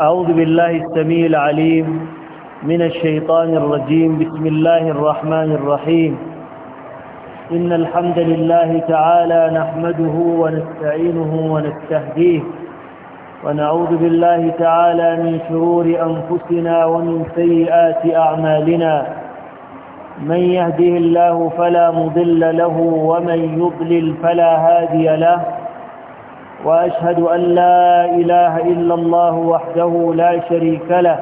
أعوذ بالله السميع العليم من الشيطان الرجيم بسم الله الرحمن الرحيم إن الحمد لله تعالى نحمده ونستعينه ونستهديه ونعوذ بالله تعالى من شرور أنفسنا ومن سيئات أعمالنا من يهده الله فلا مضل له ومن يضلل فلا هادي له وأشهد أن لا إله إلا الله وحده لا شريك له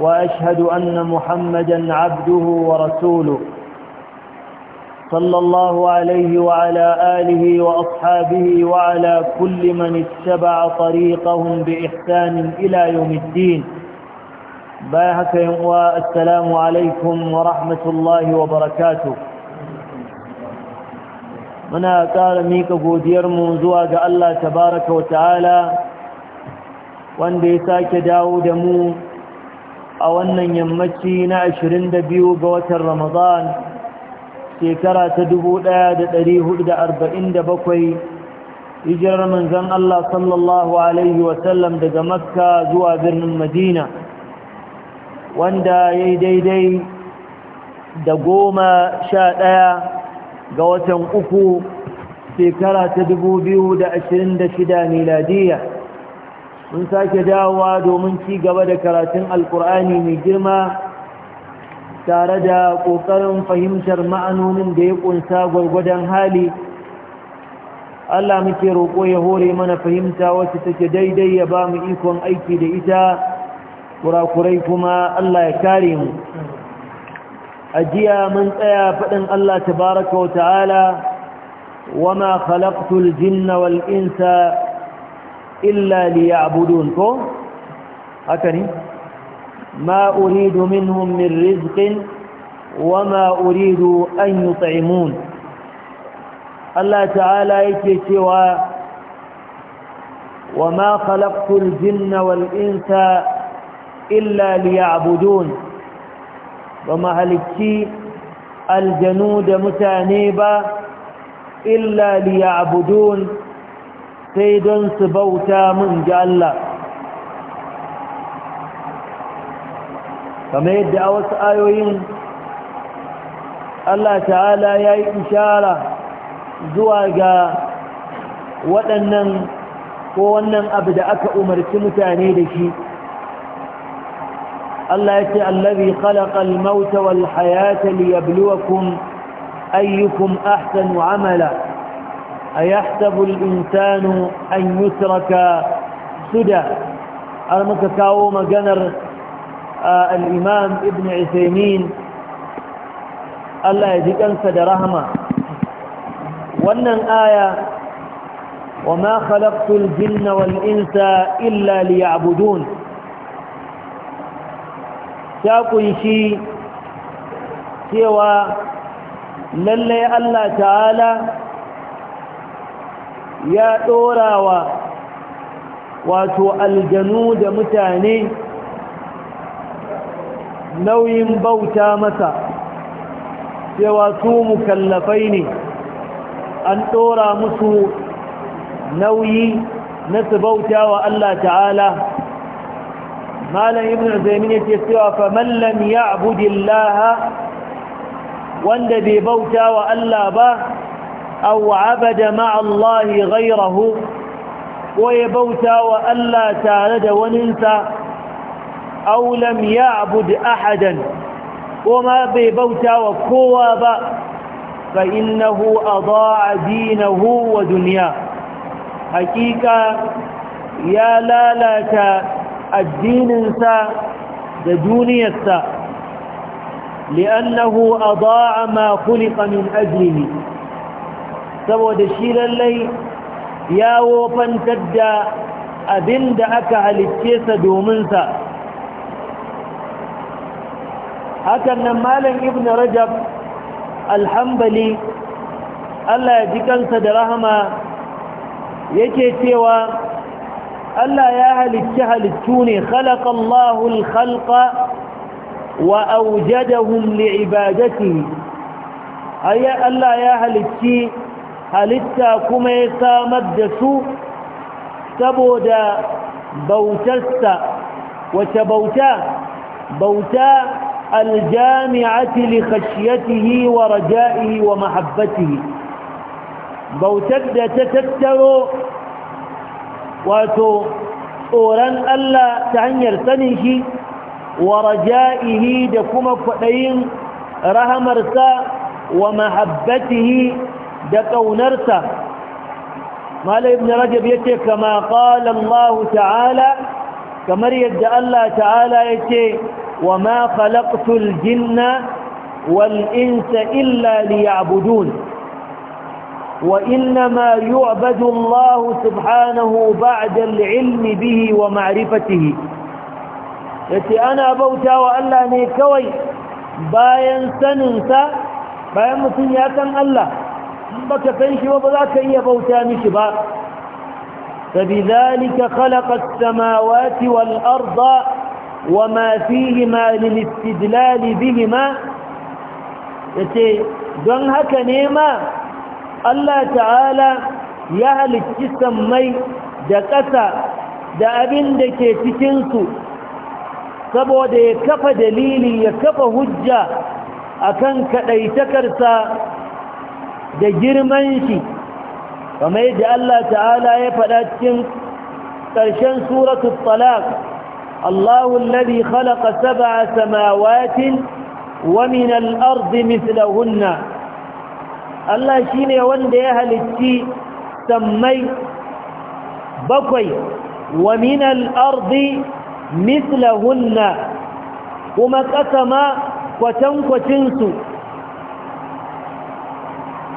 وأشهد أن محمدا عبده ورسوله صلى الله عليه وعلى آله وأصحابه وعلى كل من اتبع طريقهم بإحسان إلى يوم الدين باهك السلام عليكم ورحمة الله وبركاته muna ƙara mika godiyarmu zuwa ga Allah tabaraka wa ta'ala wanda ya sake dawo da mu a wannan yammaci na 22 ga watan Ramadan shekara ta 1447 hijirar manzon Allah sallallahu alaihi Wasallam daga Makka zuwa birnin Madina wanda yayi daidai da goma sha ɗaya ga watan uku shekara ta dubu biyu da da ashirin shida miladiya mun sake dawowa domin ci gaba da karatun alkur'ani mai girma tare da ƙoƙarin fahimtar ma'anonin da ya ƙunsa gwargwadon hali Allah muke roƙo ya hore mana fahimta wacce take daidai ya ba mu ikon aiki da ita kurakurai kuma Allah ya kare mu أجيا من أيا فإن الله تبارك وتعالى وما خلقت الجن والإنس إلا ليعبدون أكني ما أريد منهم من رزق وما أريد أن يطعمون الله تعالى يكي سوى وما خلقت الجن والإنس إلا ليعبدون ba mahalicci aljanu da mutane ba illa liya'budun sai don su bauta mun ga Allah kamar yadda a wasu ayoyin Allah ta'ala ya yi ishara zuwa ga waɗannan ko wannan abu da aka umarci mutane da shi التي الذي خلق الموت والحياة ليبلوكم أيكم أحسن عملا أيحسب الإنسان أن يترك سدى المتكاوم جنر آه، الإمام ابن عثيمين الله يجيك أنسى درهما وأن الآية وما خلقت الجن والإنس إلا ليعبدون ta kunshi cewa lallai Allah ta'ala ya ɗorawa wato aljanu da mutane nauyin bauta masa cewa su mukallafai ne an ɗora musu nauyi na su bauta wa Allah ta'ala ما لم يبن عزيمين يتسوى فمن لم يعبد الله واندبي بوتا وألا باه أو عبد مع الله غيره ويبوتا وألا تالد وننسى أو لم يعبد أحدا وما بيبوتا وكوابا فإنه أضاع دينه ودنياه حقيقة يا لا لا تالد addininsa da duniyarsa li'annahu adaa ma khuliqa min ajlihi saboda shi lallai ya wofantar da abin da aka halicce sa Hakanan hakan nan malam ibn rajab alhambali allah ya ji kansa da rahama yake cewa ألا يا أهل الشهل التوني خلق الله الخلق وأوجدهم لعبادته أي ألا يا أهل الشي هل اتاكم يسامد سوء تبود بوتست وتبوتا بوتا الجامعة لخشيته ورجائه ومحبته بوتد تتتروا wato tsoron Allah ta hanyar sanin shi wa raja'ihi da kuma kwaɗayin rahamarsa wa mahabbatihi da ƙaunarsa malai ibn rajab yace kama ƙala Allah ta'ala kamar yadda Allah ta'ala yace wa ma khalaqtul jinna wal insa illa abudun. وإنما يعبد الله سبحانه بعد العلم به ومعرفته التي أنا بوتا وألا نيكوي ل ه ن ي كوي باين سننسى باين مسنياتا الله بك تنشي وبذاك هي بوتا مشبا فبذلك خلق السماوات والأرض وما فيهما للاستدلال بهما التي دون هكا نيما Allah ta'ala ya halicci sammai da ƙasa da abin da ke cikinsu saboda ya kafa dalili ya kafa hujja akan kaɗaitakarsa da girman shi kamar yadda Allah ta'ala ya faɗa cikin ƙarshen suratul talaq Allahu alladhi khalaqa sab'a samawati wa min al-ardi mithlahunna Allah shine wanda ya halitti sammai bakwai wa min ardi mithlahunna kuma kasama kwatankwacin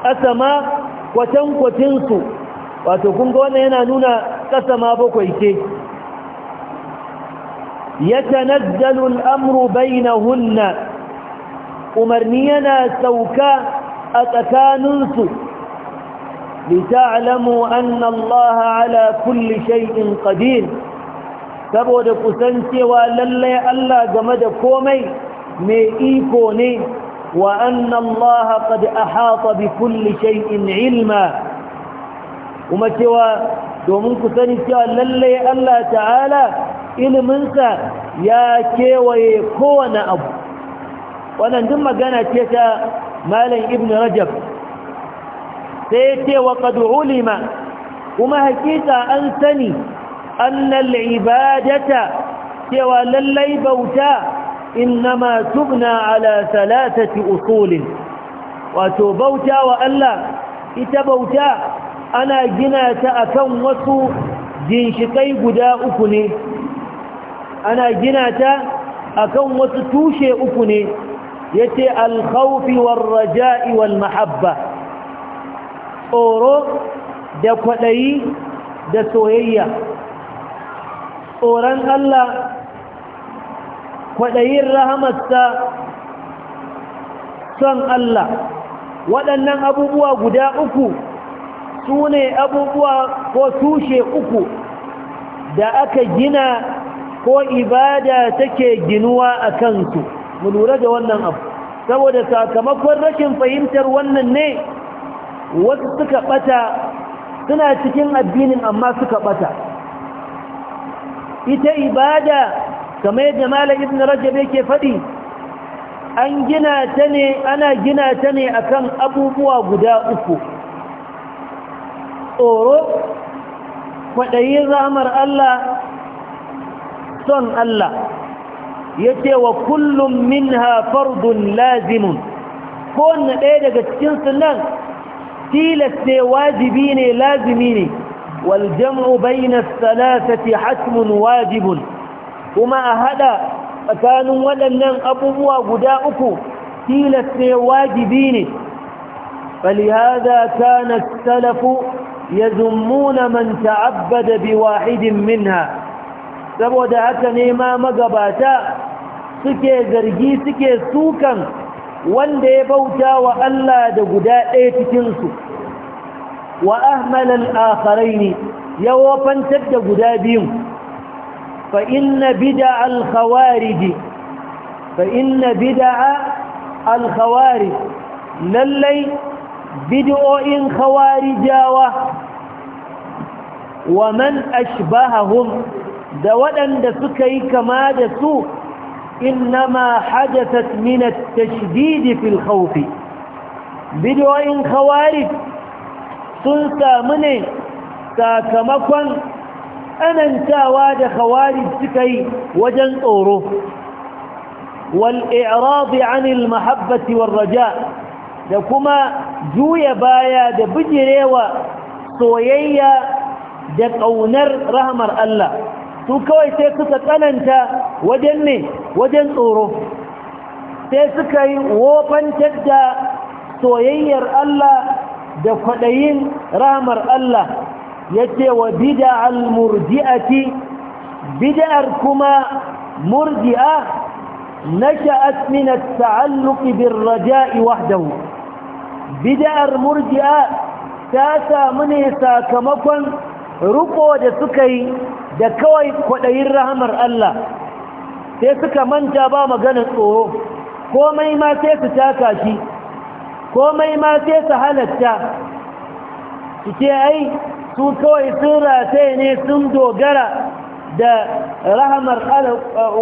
kasama su wato kunga wannan yana nuna kasama bakwai ce yatanazzalu al-amru bainahunna umarni yana sauka a tsakaninsu lita'lamu anna Allah ala kulli shay'in qadir saboda kusancewa lallai Allah game da komai mai iko ne wa anna Allah a ahata bi kulli shay'in ilma kuma cewa domin ku lallai Allah ta'ala iliminsa ya kewaye kowane abu wannan duk magana ce ta malam ibn rajab sai ce wa qad ulima kuma hakika an sani annal ibadata cewa lallai bauta innama tubna ala thalathati usulin wato bauta wa Allah ita bauta ana gina ta akan wasu ginshikai guda uku ne ana gina ta akan wasu tushe uku ne yace ce khawf war-raja'i mahabba tsoro da kwaɗayi da soyayya tsoron Allah kwaɗayin rahamarsa son Allah waɗannan abubuwa guda uku su ne abubuwa ko tushe uku da aka gina ko ibada take ginuwa a kansu mu lura da wannan abu saboda sakamakon rashin fahimtar wannan ne wasu suka bata suna cikin addinin amma suka bata ita ibada kamar yadda malam ibn rajab yake faɗi an gina ta ne ana gina ta ne akan abubuwa guda uku tsoro kwaɗayin ramar Allah son Allah yace wa kullum minha fardun lazimun kowanne ɗaya daga cikin sunan tilas ne wajibi ne lazimi ne wal jam'u bayna thalathati hatmun wajibun kuma a hada tsakanin waɗannan abubuwa guda uku tilas ne wajibi ne فلهذا كان السلف يذمون من تعبد بواحد minha saboda haka ne ma magabata suke zargi suke sukan wanda ya bauta wa Allah da guda ɗaya cikinsu wa ahmalal ne, ya wafantar da guda biyun fa inna bid'a al fa inna bid'a al lallai bid'o'in khawarijawa wa man ashbahahum da waɗanda suka yi kama da su innama hadatat min tashdidi fil khawf bidoyin khawarij sun samu ne sakamakon tsanantawa da khawarij suka yi wajen tsoro wal i'rad 'an al-mahabbati war raja da kuma juya baya da bijirewa soyayya da ƙaunar rahmar Allah su kawai sai suka tsananta wajen ne wajen tsoro sai suka yi wofantar da soyayyar Allah da kwaɗayin ramar Allah ya ce wa bida'al murji'ati bida'ar kuma murji'a na min at-ta'alluq bir-raja'i wahdahu bida'ar murji'a ta samu ne sakamakon ruko da suka yi da kawai kwaɗayin rahamar Allah sai suka manta ba magana tsoro komai ma sai su taka shi komai ma sai su halatta su ce ai su kawai sun rataye ne sun dogara da rahamar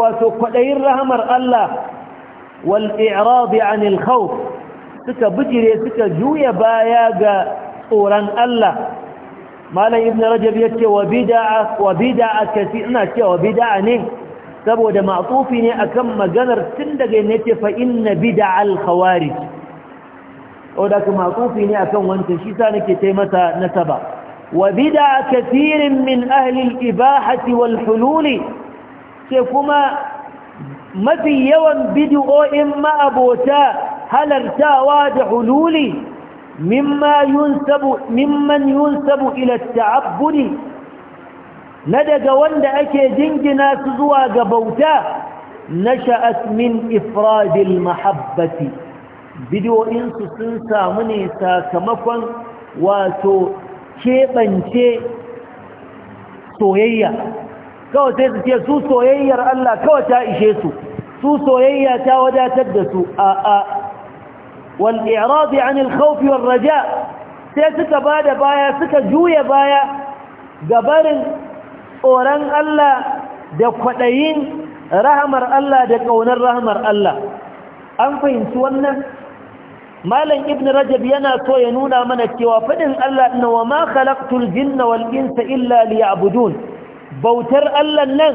wato kwaɗayin rahamar Allah wal'irabi an ilhau suka bijire suka juya baya ga tsoron Allah malam ibn rajab yace wa bid'a wa bid'a ina cewa bid'a ne saboda ma'tufi ne akan maganar tun daga ne yace fa inna bid'a khawarij o da kuma ma'tufi ne akan wancan shi sa nake tai mata nasaba wa bid'a min ahli al ibahati wal hulul ce kuma mafi yawan bid'o'in ma'abota halartawa da hululi mimma yunsabu mimman yunsabu ila ta'abbudi na daga wanda ake jingina su zuwa ga bauta nasha'at min ifradil mahabbati bidiyoyin su sun samu ne sakamakon wato keɓance soyayya kawai sai su ce su soyayyar Allah kawai ta ishe su su soyayya ta wadatar da su a'a. والاعراض عن الخوف والرجاء sai suka ba da baya suka juya baya gabarin oran Allah da kwaɗayin rahmar Allah da ƙaunar rahmar Allah an fahimci wannan malam ibn rajab yana so ya nuna mana cewa faɗin Allah inna wa ma khalaqtul jinna wal insa illa liya'budun bautar Allah nan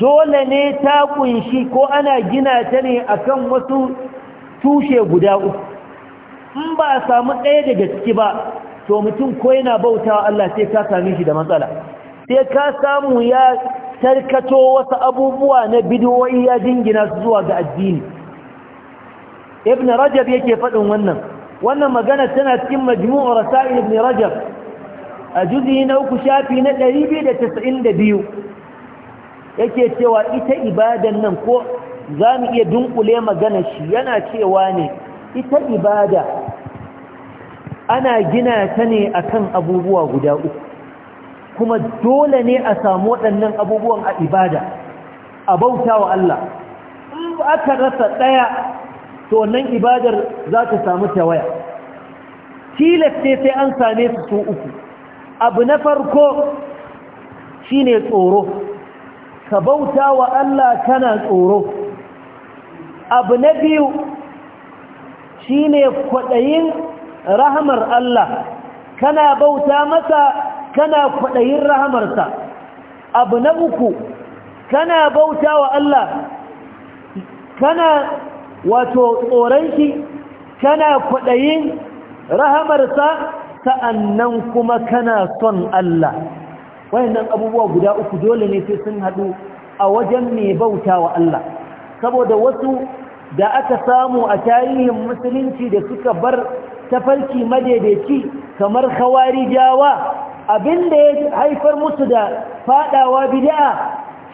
dole ne ta kunshi ko ana gina ta ne akan wasu tushe guda uku in ba a samu ɗaya daga ciki ba to mutum ko yana bautawa Allah sai ka same shi da matsala sai ka samu ya tarkato wasu abubuwa na bidiyoyi ya jingina su zuwa ga addini ibn rajab yake faɗin wannan wannan magana tana cikin majmu'u rasail ibn rajab a juzi na uku shafi na 292 yake cewa ita ibadan nan ko za mu iya dunkule magana shi yana cewa ne ita ibada ana gina ta ne akan abubuwa guda uku kuma dole ne a samu waɗannan abubuwan a ibada a bauta wa Allah in aka rasa ɗaya to wannan ibadar za ta samu tawaya tilaste sai an same su su uku abu na farko shine tsoro ka bauta wa Allah kana tsoro abu na biyu shine kwaɗayin rahamar Allah kana bauta masa kana kwaɗayin rahamarsa abu na uku kana bauta wa Allah kana wato tsoron kana kwaɗayin rahamarsa sa'annan kuma kana son Allah wayannan abubuwa guda uku dole ne sai sun haɗu a wajen mai bauta wa Allah saboda wasu da aka samu a tarihin musulunci da suka bar tafarki madaidaici kamar khawarijawa da ya haifar musu da fadawa bid'a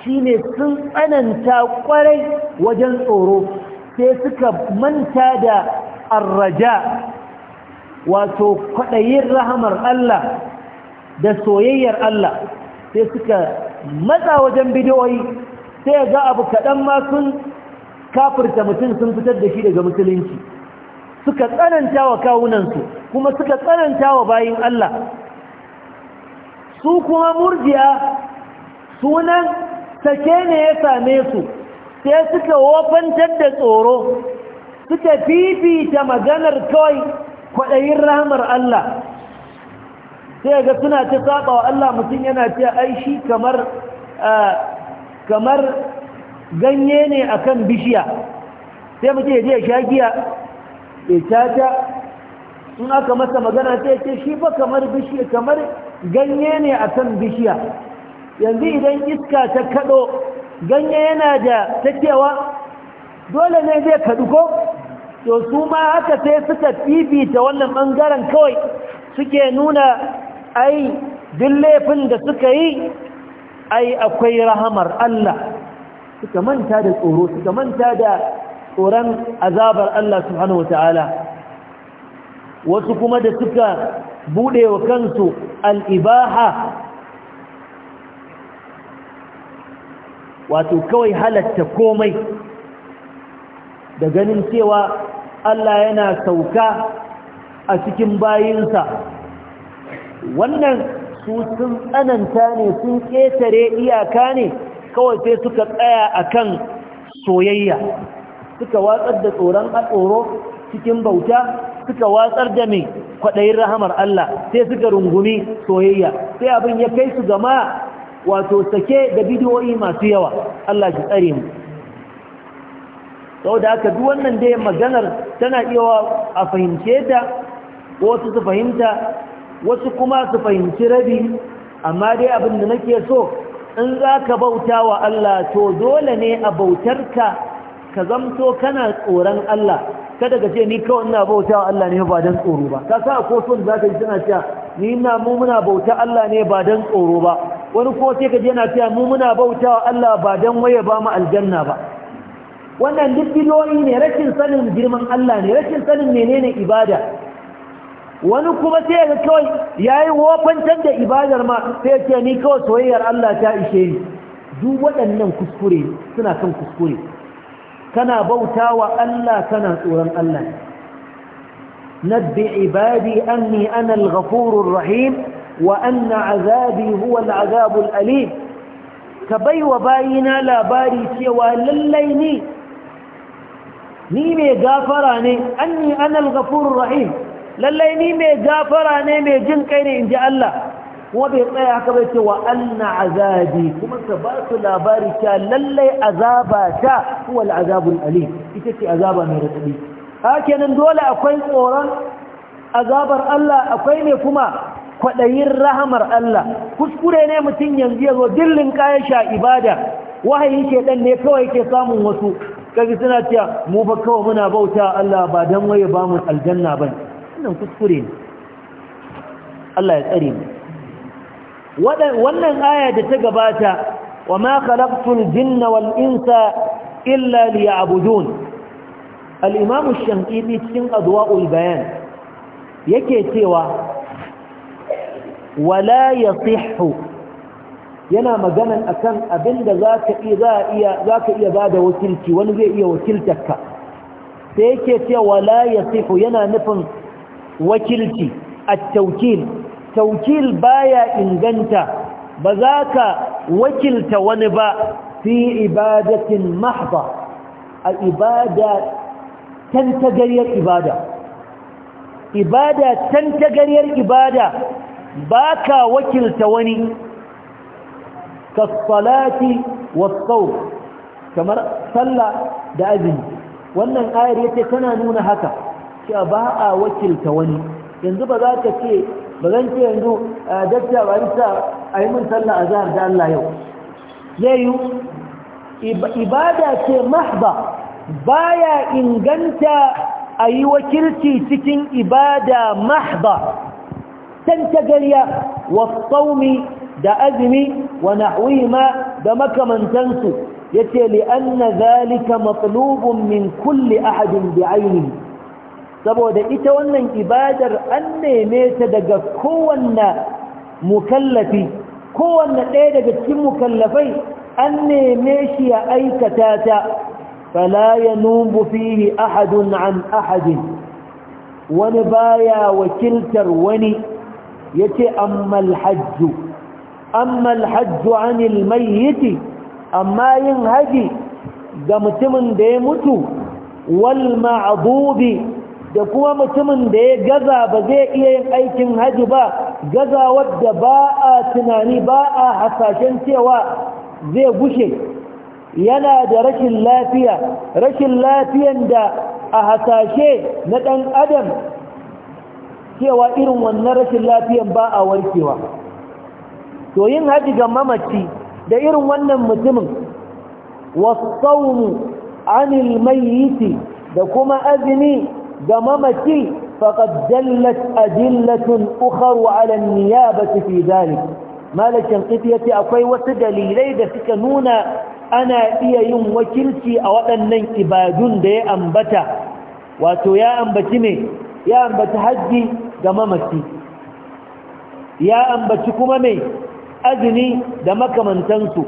shine sun tsananta kwarai wajen tsoro sai suka manta da arraja wato kwadayin rahamar Allah da soyayyar Allah sai suka matsa wajen bidiyoyi sai ga abu kaɗan ma sun kafirta mutum sun fitar da shi daga musulunci suka tsananta wa kawunansu kuma suka tsananta wa bayin Allah su kuma murjiya sunan sake ne ya same su sai suka wofantar da tsoro suka fifita maganar kawai kwaɗayin rahmar Allah sai ga suna ta saba wa Allah mutum yana ce ai shi kamar ah, kamar ganye ne akan bishiya sai mace ya je sha giya ya caca in aka masa magana ta ce shi fa kamar bishiya kamar ganye ne akan bishiya yanzu idan iska ta kaɗo ganye yana da takewa dole ne zai kadu ko to su ma haka sai suka fifita wannan bangaren kawai suke nuna ai duk laifin da suka yi ai akwai rahamar Allah suka manta da tsoro suka manta da tsoron azabar Allah subhanahu wataala wasu kuma da suka bude wa kansu al'ibaha. wato kawai halatta komai da ganin cewa Allah yana sauka a cikin bayinsa wannan su sun tsananta ne sun ƙetare iyaka ne kawai sai suka tsaya akan soyayya suka watsar da tsoron tsoro cikin bauta suka watsar da mai kwaɗayin rahamar Allah sai suka rungumi soyayya sai abin ya kai su gama wato sake da bidiyoyi masu yawa Allah shi tsare mu sau da haka duk wannan dai maganar tana iya a fahimce ta wasu su fahimta wasu kuma su fahimci rabi amma dai abin da nake so in za ka bauta wa Allah to dole ne a bautarka ka zamto kana tsoron Allah kada ka ce ni kawai ina bauta wa Allah ne ba don tsoro ba ka sa ko son za ka yi suna cewa ni ina mu muna bauta Allah ne ba don tsoro ba wani ko sai ka je yana cewa mu muna bauta wa Allah ba don waye ba mu aljanna ba wannan duk biloyi ne rashin sanin girman Allah ne rashin sanin menene ibada wani kuma sai ya kawai yayi wofantar da ibadar ma sai ce ni kawai soyayyar Allah ta ishe ni duk waɗannan kuskure suna kan kuskure kana bautawa Allah kana tsoron Allah nabbi ibadi anni ana al-ghafurur rahim wa anna azabi huwa azabul alim ka baiwa bayina labari cewa lallai ni ni mai gafara ne anni ana al-ghafurur rahim lallai ni mai gafara ne mai jin kai ne in ji Allah kuma bai tsaya haka bai ce wa anna azabi kuma ka ba su labari ta lallai azaba ta huwa al'azabul ita ce azaba mai radadi hakenan dole akwai tsoron azabar Allah akwai ne kuma kwaɗayin rahamar Allah kuskure ne mutum yanzu ya zo dillin kayan sha ibada wahayin shedan ne kawai ke samun wasu kai suna cewa mu fa kawai muna bauta Allah ba dan waye ba mu aljanna bane wannan kuskure ne Allah ya tsare mu wannan aya da ta gabata wa ma khalaqtul jinna wal insa illa liya'budun al-imam ash-shankiti cikin adwa'ul bayan yake cewa wala yasihhu yana maganan akan abinda zaka iya zaka iya bada wakilci wani zai iya wakiltarka sai yake cewa wala yasihhu yana nufin wakilci at taukil baya inganta ba za ka wakilta wani ba fi ibadatin mahba a ibada tantagaryar ibada ibada tantagaryar ibada ba ka wakilta wani kasalati wasau kamar sallah da azumi wannan ayar yace tana nuna haka cewa ba a wakilta wani yanzu ba za ka ce ba zan ce yanzu eh, dakta barista a yi min sallah azhar da Allah yau zai ibada ce mahba baya inganta a yi wakilci cikin ibada mahba tan gariya wa saumi da azumi wa ma da makamantansu yace li'an na zalika matlubun min kulli ahadin bi'ainihi saboda ita wannan ibadar an neme ta daga kowanne mukallafi kowanne ɗaya daga cikin mukallafai an neme shi ya aikata ta fala yanubu fihi ahadun an ahadin wani baya wakiltar wani yace amma alhajju amma alhajju anil mayyiti amma yin haji ga mutumin da ya mutu wal ma'dubi da kuma mutumin da ya gaza ba zai iya yin aikin haji ba gaza wadda ba a tunani ba a hasashen cewa zai gushe yana da rashin lafiya rashin lafiyan da a hasashe na ɗan adam cewa irin wannan rashin lafiyan ba a warkewa to yin haji ga mamaci da irin wannan mutumin wasu anil mayiti da kuma azumi ga mamaci faqad dallat adillatun ukhra ala an-niyabati fi dhalik malakin qitiyati akwai wasu dalilai da suka nuna ana iya yin wakilci a waɗannan ibadun da ya ambata wato ya ambaci ne ya ambaci hajji ga ya ambaci kuma mai azumi da makamantansu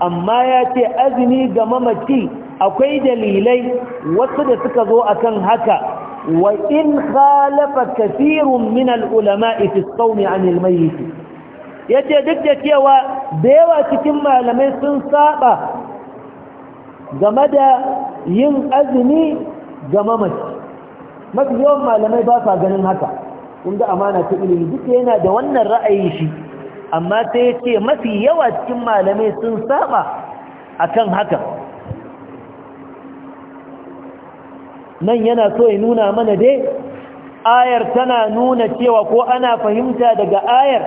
amma ya ce azumi ga mamaci akwai dalilai wasu da suka zo akan haka وإن خالف كثير من العلماء في الصوم عن الميت yace duk da cewa da yawa cikin malamai sun saba game da yin azumi ga mamaci mafi yawan malamai ba sa ganin haka kun amana ta ilimi duk yana da wannan ra'ayi shi amma sai yace mafi yawa cikin malamai sun saba akan haka nan yana so ya nuna mana dai ayar tana nuna cewa ko ana fahimta daga ayar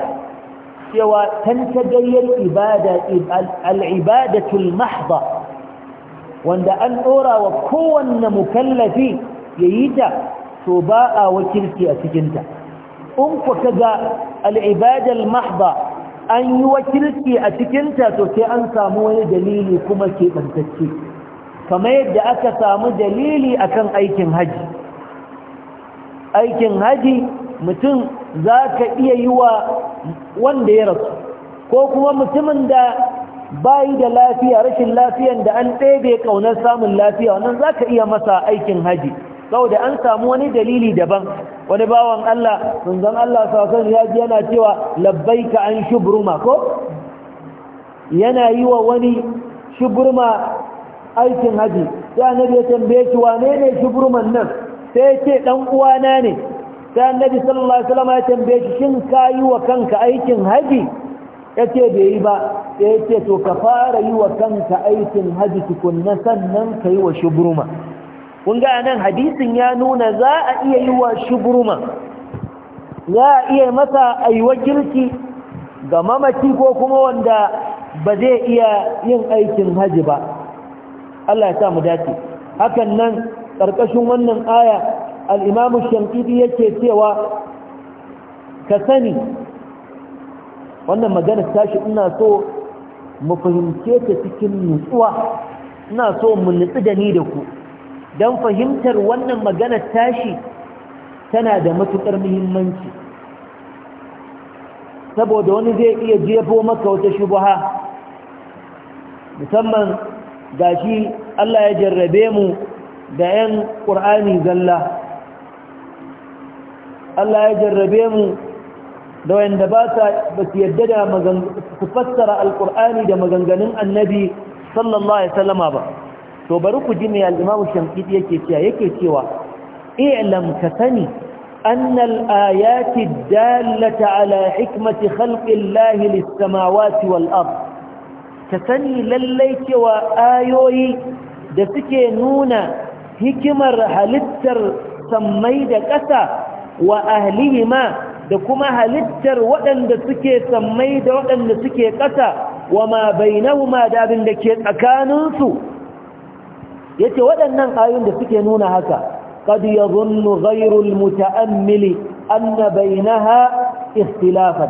cewa tantagayyar ibada al'ibadatul mahda wanda an ɗora wa kowanne mukallafi ya yi ta to ba a wakilci a cikinta in ku kaga al'ibadar mahda an yi wakilci a cikinta to sai an samu wani dalili kuma keɓantacce kamar yadda aka samu dalili akan aikin haji aikin haji mutum za ka iya yi wa wanda ya rasu ko kuma mutumin da bayi da lafiya rashin lafiyan da an ɗebe ƙaunar samun lafiya wannan za ka iya masa aikin haji da an samu wani dalili daban wani bawan Allah sun zan Allah sasan ya ji yana cewa ka an shubruma ko yana yi wa wani shubruma aikin haji sai annabi ya tambaye shi wane ne shubruman nan sai yace ce dan uwana ne sai annabi sallallahu alaihi wasallam ya tambaye shi shin kayi wa kanka aikin haji yace bai yi ba sai yace to ka fara yi wa kanka aikin haji tukunna sannan ka wa shubruma kun ga nan hadisin ya nuna za a iya yi wa shubruma za a iya masa aiwa girki ga mamaci ko kuma wanda ba zai iya yin aikin haji ba Allah ya sa mu dace hakan nan karkashin wannan aya al-Imam Shankidi yake cewa ka sani wannan magana tashi ina so mu fahimce ta cikin nutsuwa ina so mu nutsu da ni da ku don fahimtar wannan magana tashi tana da matuƙar muhimmanci saboda wani zai iya jefo maka wata shubuha musamman gashi Allah ya jarrabe mu da 'yan ƙur'ani zalla Allah ya jarrabe mu da wanda ba sa yadda da fassara alƙur'ani da maganganun annabi sallallahu alaihi sallama ba to bari ku ji mai al'imamu yake cewa yake cewa i'lam ka sani أن الآيات الدالة ala hikmati خلق الله للسماوات والأرض ka sani lallai cewa ayoyi da suke nuna hikimar halittar sammai da ƙasa wa ma da kuma halittar waɗanda suke sammai da waɗanda suke ƙasa wa ma bainahuma da abin da ke tsakaninsu yace waɗannan ayoyin da suke nuna haka qad yadhunnu ghayru almutaammil anna bainaha ikhtilafan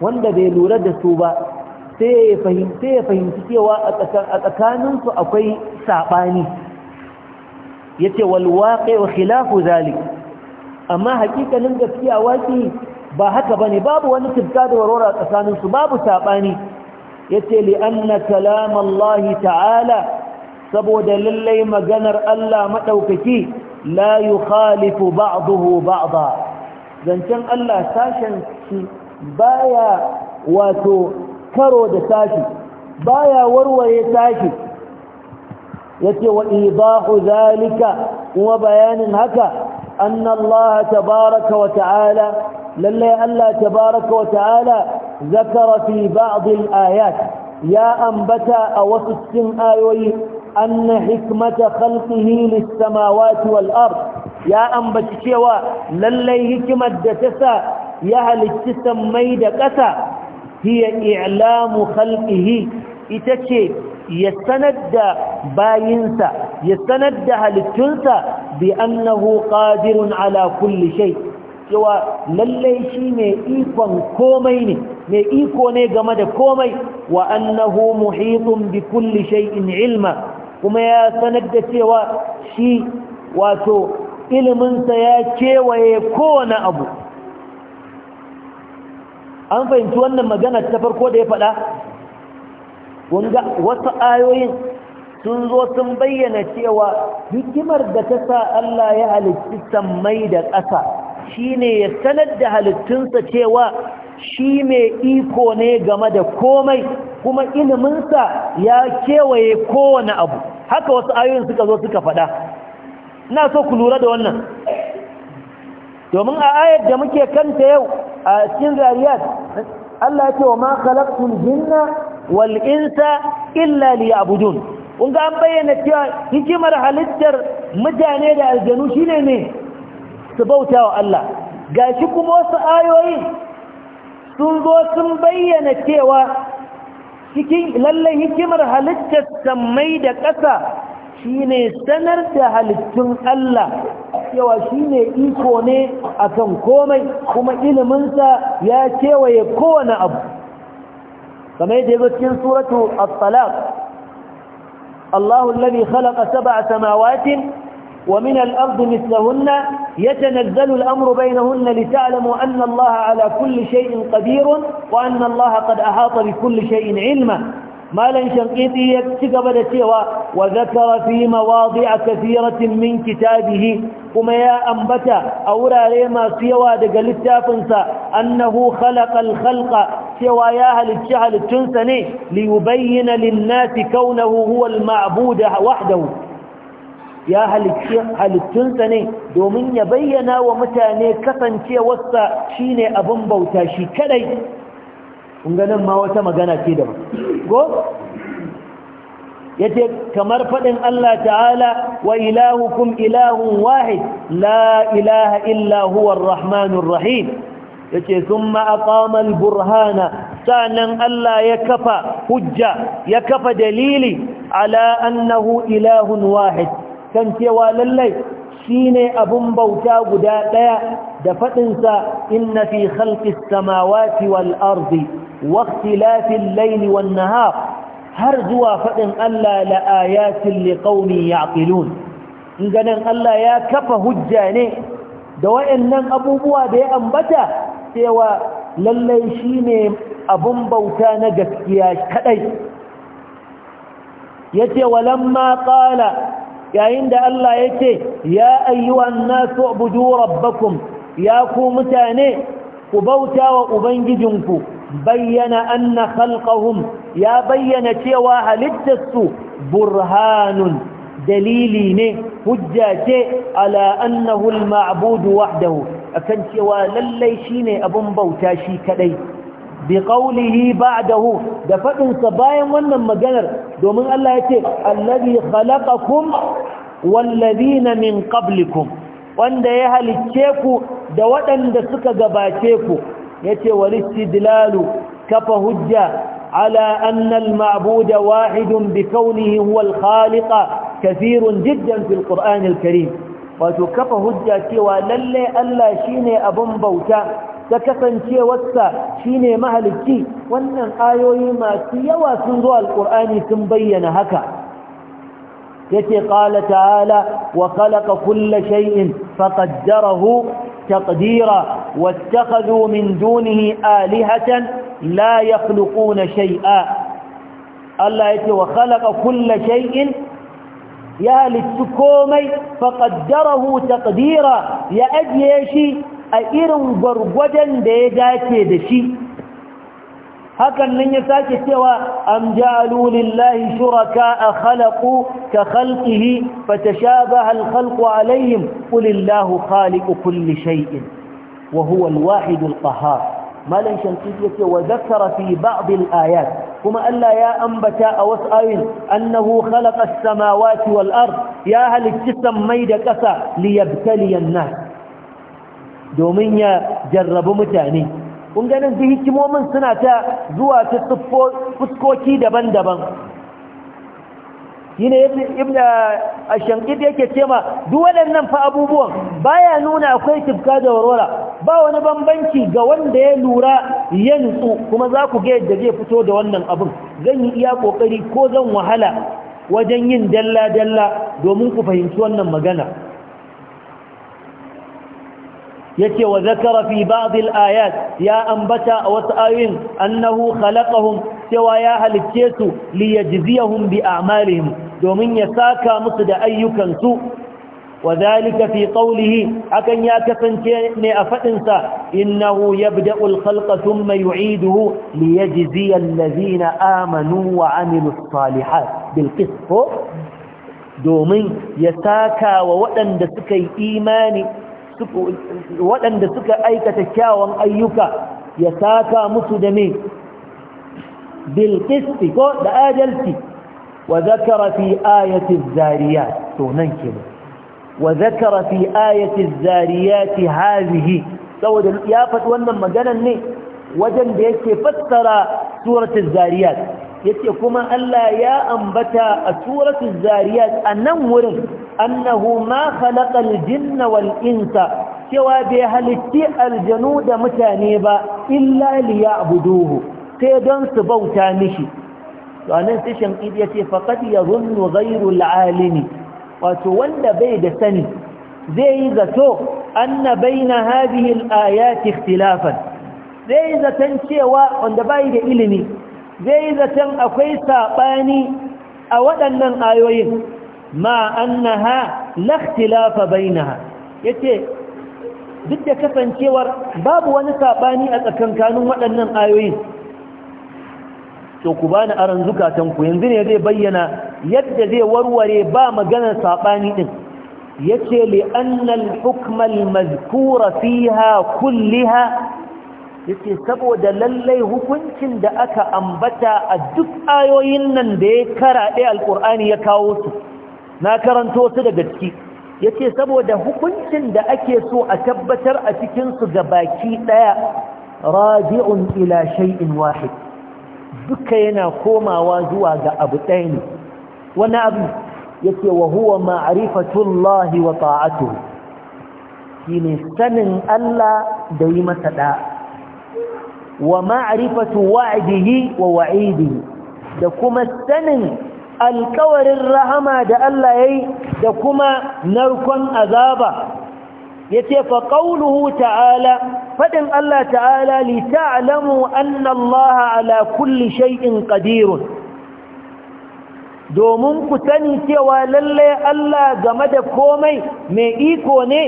wanda bai lura da su ba sai ya fahimci cewa a tsakaninsu akwai saɓani Yace ce walwaƙe wa khilafu zalik amma hakikalin gaskiya waki ba haka bane. babu wani tibta da warwara a tsakaninsu babu saɓani ya ce li'anna kalamallahi ta'ala saboda lallai maganar Allah maɗaukaki la yi khalifu ba'duhu ba'da zancen Allah sashen shi baya wato karo da sashi baya warware sashi yace wa idahu zalika kuma bayanin haka anna Allah tabaaraka wa ta'ala lalle Allah tabaaraka wa ta'ala zakara fi ba'd al-ayat ya ambata a wasu cikin ayoyi anna hikmata khalqihi lis-samawati wal-ard ya ambaci cewa lalle hikimar da ta sa ya halitta sammai da ƙasa hiya i'lamu khalqihi ita ce ya sanar da bayinsa ya sanar da halittunsa bi annahu qadirun ala kulli shay cewa lallai shi ne ikon komai ne mai iko ne game da komai wa annahu muhitun bi kulli shay'in ilma kuma ya sanar da cewa shi wato iliminsa ya kewaye kowane abu an fahimci wannan magana ta farko da ya faɗa wasu ayoyin sun zo sun bayyana cewa hikimar da ta sa Allah ya halitta sammai da ƙasa shine ya sanar da halittunsa cewa shi mai iko ne game da komai kuma iliminsa ya kewaye kowane abu haka wasu ayoyin suka zo suka faɗa ina so ku lura da wannan domin a ayar da muke kanta yau a cikin zariyar, Allah ya ce wa ma khalaqtul jinna wal insa illa liya'budun kun ga an bayyana cewa hikimar halittar mutane da aljanu shine ne su bauta wa Allah gashi kuma wasu ayoyi sun zo sun bayyana cewa cikin lallai hikimar halittar sammai da ƙasa shine sanar da halittun Allah yawa shine iko ne akan komai kuma iliminsa ya kewaye kowane abu kamar yadda yazo cikin suratu at-talaq Allahu alladhi khalaqa sab'a samawati ومن الأرض مثلهن يتنزل الأمر بينهن لتعلموا أن الله على كل شيء قدير وأن الله قد أحاط بكل شيء علما malan shankiti ya ci gaba da cewa wa zakara fi mawadi'a kathiratin min kitabihi kuma ya ambata a wurare masu yawa daga littafinsa annahu khalaqa khalqa cewa ya halicci halittunsa ne li yubayyana lin-nasi kaunahu huwa al-ma'bud wahdahu ya halicci halittunsa ne domin ya bayyana wa mutane kasancewarsa shine abin bauta shi kadai kun nan ma wata magana ce da ba ya ce kamar fadin Allah ta'ala wa ilahukum ilahun wahid la ilaha illa huwa rahmanun rahim yace sun aqama al-burhana sanan Allah ya kafa hujja ya kafa dalili ala annahu ilahun wahid kan cewa lallai Shi ne abun bauta guda ɗaya da fadinsa inna fi khalqis samawati wal arzi, wa ikhtilafil layli wan har zuwa faɗin Allah la ayatin liqaumin yaqilun inganan Allah ya kafa hujja ne da wayannan abubuwa da ya ambata cewa lallai shi ne abun bauta na gaskiya kadai yace walamma ƙala. yayin da Allah ya ce ya ayyuhan nasu abudu rabbakum ya ku mutane ku bauta wa ubangijinku bayyana anna khalqahum ya bayyana cewa halittarsu burhanun dalili ne hujja ce ala annahu al-ma'budu wahdahu akan cewa lallai shine abun bauta shi kadai bi qawlihi ba'dahu da fadin sa bayan wannan maganar domin Allah yace allazi khalaqakum walladina min qablikum wanda ya halicce ku da waɗanda suka gabace ku yace walistidlalu kafa hujja ala anna al-ma'budu wahidun bi kaunihi huwa al-khaliq kathirun jiddan qur'an al-karim wato kafa hujja cewa lalle Allah shine abun bauta ta kasancewarsa shine mahalicci wannan ayoyi masu yawa sun zo alkur'ani sun bayyana haka yace qala ta'ala wa khalaqa kulla shay'in faqaddarahu taqdira wattakhadhu min dunihi alihatan la yakhluquna shai'a Allah yace wa khalaqa kulla shay'in ya halittu komai faqaddarahu taqdira ya ajiye shi a irin gwargwajen da ya dace da shi hakan nan ya sake cewa am ja'alu lillahi shuraka khalaqu ka khalqihi sha ba khalqu alayhim qul illahu kulli shai'in wa huwa al-wahid al-qahhar malan shankiti yace wa zakara fi ba'd al-ayat kuma Allah ya ambata a wasu ayin annahu khalaqa as-samawati wal-ard ya halicci Mai da ƙasa liyabtaliyan nas domin ya jarrabu mutane kun ganin su hikimomin suna ta zuwa ta fuskoki daban-daban shi ne ibna a shankid yake cema duk nan fa abubuwan baya nuna akwai tifka da warwara ba wani bambanci ga wanda ya lura ya kuma za ku ga yadda zai fito da wannan abin zan yi iya ƙoƙari ko zan wahala wajen yin dalla-dalla domin ku fahimci wannan magana yake wa zakara fi ba'd al-ayat ya ambata wasa'in annahu khalaqahum cewa ya halicce su liyajziyahum bi a'malihim domin ya saka musu da ayyukan su wadhalika fi qawlihi akan ya kasance ne a fadin sa innahu yabda'u al-khalqa thumma yu'iduhu liyajziya alladhina amanu wa 'amilus salihat bil domin ya saka wa wadanda suka yi imani waɗanda suka aikata kyawun ayyuka ya saka musu da me bilkisti ko da adalci wa zakara fi ayatul to nan kenan wa zakara fi ayatul ti hadhihi saboda ya faɗi wannan maganan ne wajen da yake fassara suratul zariyat yace kuma Allah ya ambata a suratul zariyat a nan wurin annahu ma khalaqa jinna wal insa cewa bai halitti aljanu da mutane ba illa liya'buduhu sai don su bauta mishi to anan sai shanqid yace faqad yadhunnu ghayru al-alimi wato wanda bai da sani zai yi zato anna baina hadhihi al-ayati ikhtilafan zai yi zaton cewa wanda bai da ilimi zai yi zaton akwai sabani a waɗannan ayoyin ma annaha la ikhtilafa bainaha yace duk da kasancewar babu wani sabani a tsakankanin waɗannan ayoyin to ku bani aran zukatan ku yanzu ne zai bayyana yadda zai warware ba maganar sabani din yace li annal hukma al mazkura fiha yace saboda lallai hukuncin da aka ambata a duk ayoyin nan da ya karaɗe alƙur'ani ya kawo su na karanto su daga ciki yace saboda hukuncin da ake so a tabbatar a cikin su ga baki daya raji'un ila shay'in wahid duka yana komawa zuwa ga abu daya ne wani abu yake wa huwa ma'rifatullahi wa ta'atuhu shine sanin Allah da yi masa da wa ma'rifatu wa'dihi wa wa'idihi da kuma sanin alkawarin rahama da Allah ya yi da kuma narkon azaba ya ce fa ƙaunuhu ta'ala faɗin Allah ta'ala li ta'alamu an Allah ala kulli shay'in ƙadirun domin ku sani cewa lallai Allah game da komai mai iko ne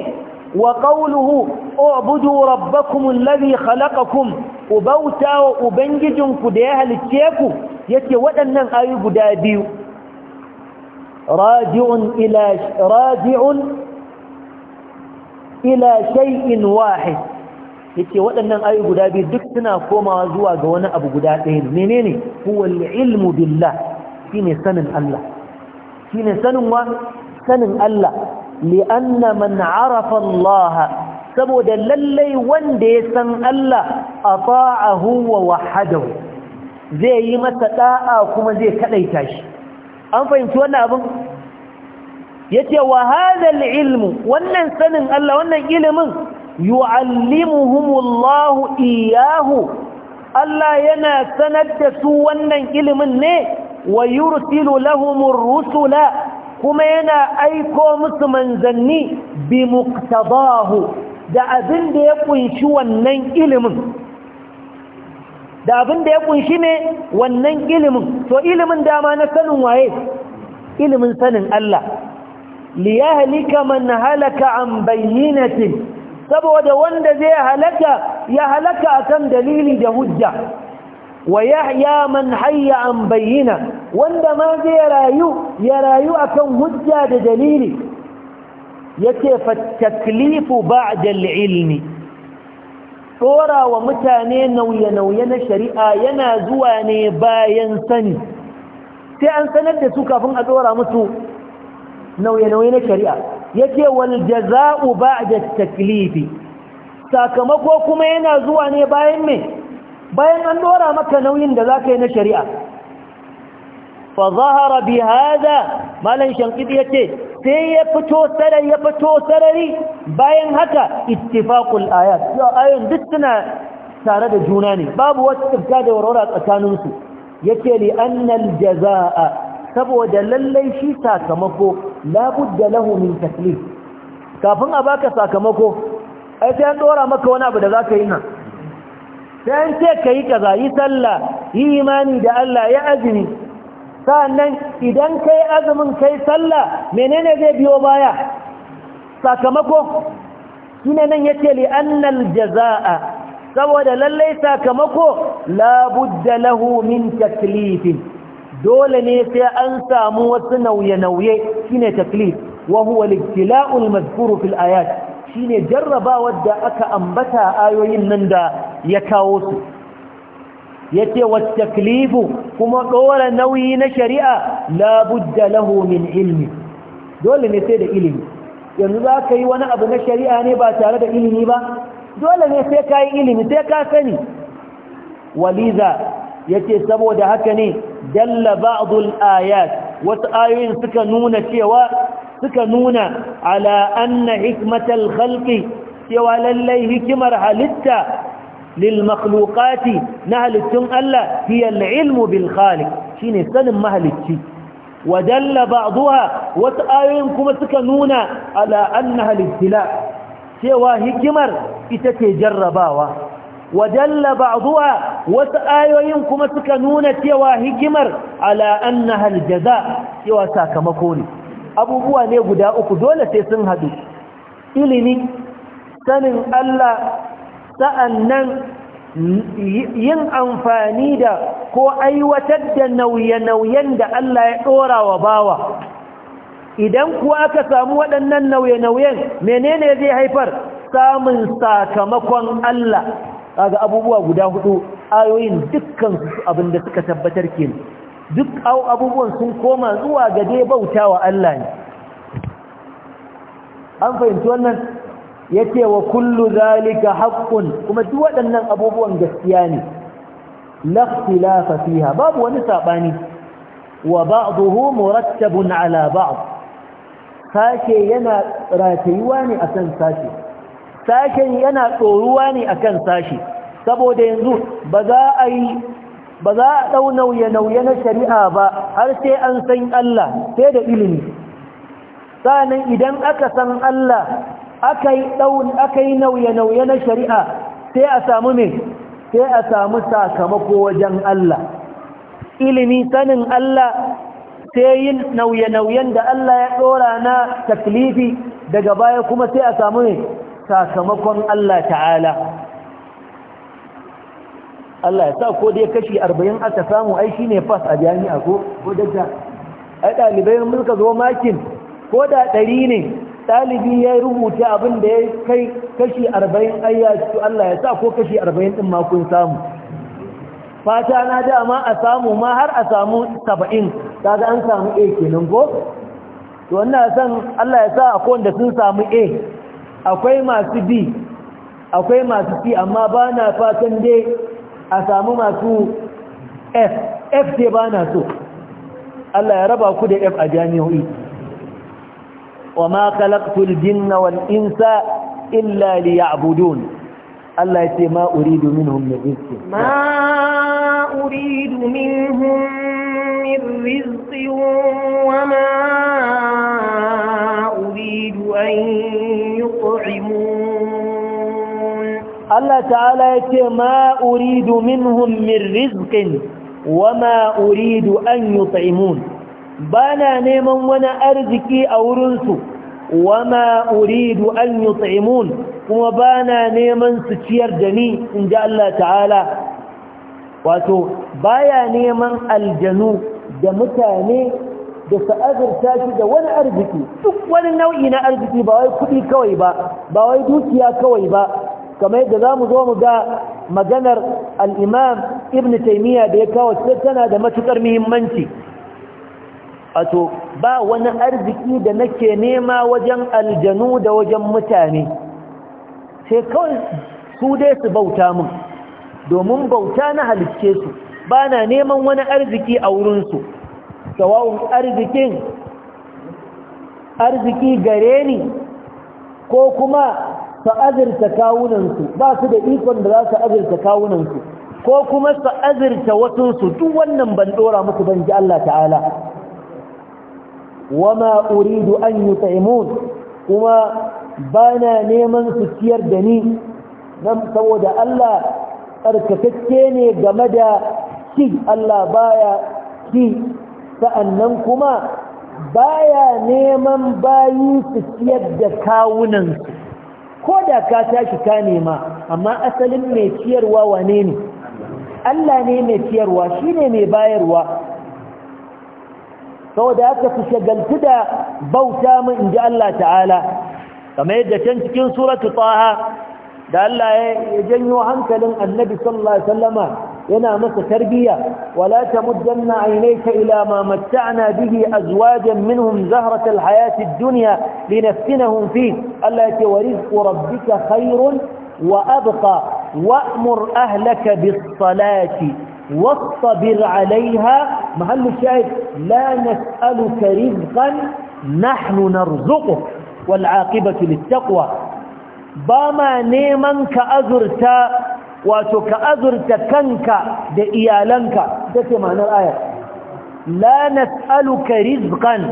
wa وقوله اعبدوا ربكم wa ubangijinku da ya ده ku yake waɗannan ايو guda biyu. راجع إلى راجع إلى شيء واحد yake waɗannan ayyuka guda biyu duk suna komawa zuwa ga wani abu guda ɗaya menene huwa ilmu billah shine sanin Allah shine sanin wa sanin Allah li'anna man arafa Allah saboda lallai wanda ya san Allah ata'ahu wa wahadahu zai yi masa da'a kuma zai kadaita shi an fahimci wannan abin yace wa hadhal ilmu wannan sanin Allah wannan ilimin yu'allimuhumullahu iyahu Allah yana sanar da su wannan ilimin ne wa yursilu lahumur rusula kuma yana aiko musu manzanni bi muqtadahu da abin da ya kunshi wannan ilimin da abin da ya kunshi ne wannan ilimin to ilimin dama na sanin waye ilimin sanin Allah liyahlika man halaka an bayyinatin saboda wanda zai halaka ya halaka akan dalili da hujja wa yahya man hayya an bayyina wanda ma zai rayu ya rayu akan hujja da dalili yake fa taklifu ba'da al-ilmi tsora wa mutane nauye-nauye na shari'a yana zuwa ne bayan sani sai an sanar da su kafin a tsora musu nauye-nauye na shari'a yake wal jaza'u ba'da taklifi sakamako kuma yana zuwa ne bayan me bayan an dora maka nauyin da zaka yi na shari'a Fazahara zahara bi hada malan shankidi yace sai ya fito sarari ya fito sarari bayan haka ittifaqul ayat ya ayoyin duk suna tare da juna ne babu wata tsirka da warwara tsakanin su yace li annal jazaa saboda lallai shi sakamako labudda lahu min taklif kafin a baka sakamako ai sai an dora maka wani abu da zaka yi nan sai an ce kai kaza yi sallah yi imani da Allah ya azumi sa'annan idan kai azumin kai sallah menene zai biyo baya sakamako shine nan yace li annal jazaa saboda lallai sakamako la budda lahu min dole ne sai an samu wasu nauye nauye shine taklif wahu huwa al fil ayat shine jarrabawar da aka ambata ayoyin nan da ya kawo su yace wat taklifu kuma dora nauyi na shari'a la budda lahu min ilmi dole ne sai da ilimi yanzu za ka yi wani abu na shari'a ne ba tare da ilimi ba dole ne sai ka yi ilimi sai ka sani waliza yace saboda haka ne dalla ba'dul ayat wasu ayoyin suka nuna cewa suka nuna ala anna hikmatal khalqi cewa lallai hikimar halitta lil makhluqati na halittun Allah hiya ilmu bil khaliq shine sanin mahalicci wa dalla wasu ayoyin kuma suka nuna ala annaha al-ibtila cewa hikimar ita ce jarrabawa wa dalla wasu ayoyin kuma suka nuna cewa hikimar ala annaha al-jaza cewa sakamako ne abubuwa ne guda uku dole sai sun haɗu ilimi sanin Allah sa'annan yin amfani da ko aiwatar da nauye-nauyen da Allah ya ɗora wa bawa idan kuwa aka samu waɗannan nauye-nauyen menene zai haifar samun sakamakon Allah ga abubuwa guda hudu ayoyin dukkan abin da suka tabbatar ke duk abubuwan sun koma zuwa ga dai bautawa Allah ne an fahimci wannan Yake wa kullu zalika haqqun kuma duk waɗannan abubuwan gaskiya ne la ikhtilafa fiha babu wani sabani wa ba'dahu murattabun ala ba'd sashe yana ratayuwa ne akan sashe sashen yana tsoruwa ne akan sashe saboda yanzu ba za a yi ba za a dau nauye-nauye na shari'a ba har sai an san Allah sai da ilimi sanan idan aka san Allah aka yi nauye-nauye na shari'a sai a samu mai sai a samu sakamako wajen Allah ilimi sanin Allah sai yin nauye-nauyen da Allah ya dora na taklifi daga baya kuma sai a samu mai sakamakon Allah ta'ala Allah ya sa ko dai kashi arba'in aka samu ai shi ne fas a jami'a ko dajja ai ɗalibai mun ka zo makin ko da 100 ne ɗalibi ya rubuta abin da ya kai kashi arba'in ayyaci Allah ya sa ko kashi arba'in ɗin makon samu fata na dama a samu ma har a samu saba'in kaga an samu a kenan ko to wannan san Allah ya sa akwai wanda sun samu a akwai masu b akwai masu c amma ba na fatan dai a samu masu f f dai ba na so Allah ya raba ku da f a jami'o'i وما خلقت الجن والإنس إلا ليعبدون الله يتي ما أريد منهم من رزق ما أريد منهم من رزق وما أريد أن يطعمون الله تعالى يتي ما أريد منهم من رزق وما أريد أن يطعمون ba na neman wani arziki a wurinsu wa ma'uridu an yi kuma ba na neman su ciyar da ni in ji Allah ta'ala wato baya neman aljanu da mutane da sa'azarta shi da wani arziki duk wani nau'i na arziki ba wai kuɗi kawai ba ba wai dukiya kawai ba kamar yadda za mu zo mu ga maganar al'imam ibn taimiyya da ya kawo tana da matuƙar muhimmanci wato ba wani arziki da nake nema wajen aljanu da wajen mutane sai kawai su dai su bauta min domin bauta na halicce su ba na neman wani arziki a wurinsu sawawun arzikin arziki gare ni ko kuma su azirta kawunansu ba su da ikon da za su azirta kawunansu ko kuma su azirta watunsu duk wannan ban dora muku ban ji Allah ta'ala wama uridu an yutaimun kuma bana neman su ciyar da ni nan saboda Allah tsarkakakke ne game da shi Allah baya ci sa'annan kuma baya neman bayi su ciyar da kawunan ko da ka tashi ka nema amma asalin mai ciyarwa wane ne Allah ne mai ciyarwa shine mai bayarwa saboda haka su shagaltu da bauta min inji Allah ta'ala kamar yadda can cikin suratu taha da Allah ya janyo hankalin annabi sallallahu alaihi wasallama yana masa tarbiya wala tamuddanna aynayka ila ma matta'na bihi azwajan minhum zahrata alhayati ad-dunya linaftinahum fi Allah yake wa rabbika khairun wa abqa wa'mur ahlaka bis-salati واصطبر عليها محل الشاهد لا نسألك رزقا نحن نرزقك والعاقبة للتقوى باما نيمن كأذرتا wato ka azurta kanka da iyalanka take ma'anar ayar la nas'aluka rizqan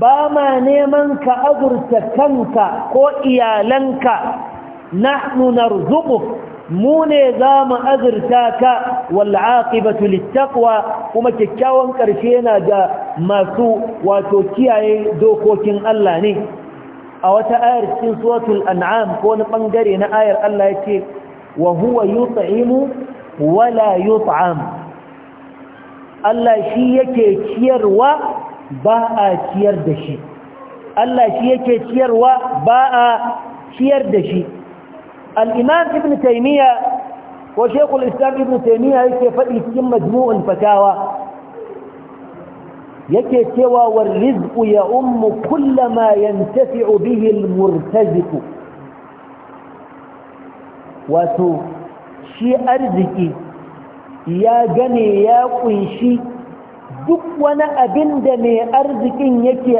ba ma neman ka azurta kanka ko iyalanka nahnu mu ne za mu azurta ka wal'aƙibatu littaƙwa kuma kyakkyawan ƙarshe yana da masu wato kiyaye dokokin Allah ne a wata ayar cikin suratul an'am ko wani ɓangare na ayar Allah ya ce wa huwa yut'imu wala yut'am Allah shi yake ciyarwa ba a ciyar da shi Allah shi yake ciyarwa ba a ciyar da shi الإمام ابن تيمية وشيخ الإسلام ابن تيمية يكي فدي في مجموع الفتاوى يكي سوى والرزق يؤم كل ما ينتفع به المرتزق واتو شي arziki يا جني يا قنشي duk wani abin da mai arzikin yake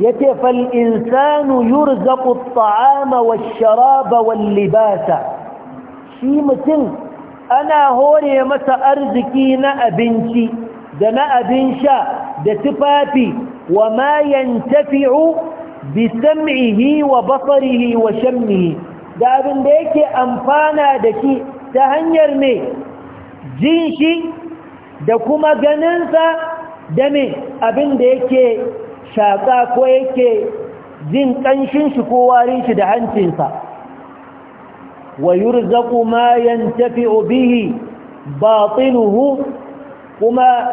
يتي فالإنسان يرزق الطعام والشراب واللباس شي مثل أنا هوري مسا أرزكي نأبنشي دنا أبنشا دتفافي وما ينتفع بسمعه وبصره وشمه da abin da yake amfana da shi ta hanyar mai jin shi da kuma ganinsa shaƙa ko yake jin ƙanshin shi ko warin shi da hancinsa wa yurzaku ma yantafi'u bihi batinuhu kuma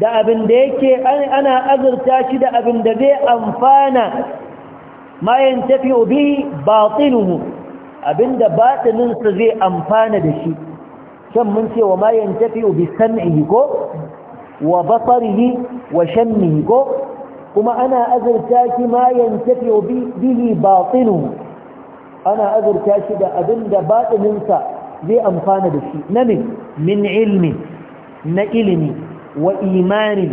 da abin da yake ana azurta shi da abin da zai amfana ma yantafi'u bihi batinuhu abinda batininsa zai amfana da shi can mun ce wa ma yantafi'u bi sam'ihi ko wa basarihi wa shannihi ko kuma ana azurta shi ma yantafi bihi batinuhu ana azurta shi da abin da sa zai amfana da shi na min min ilmi na ilimi wa imani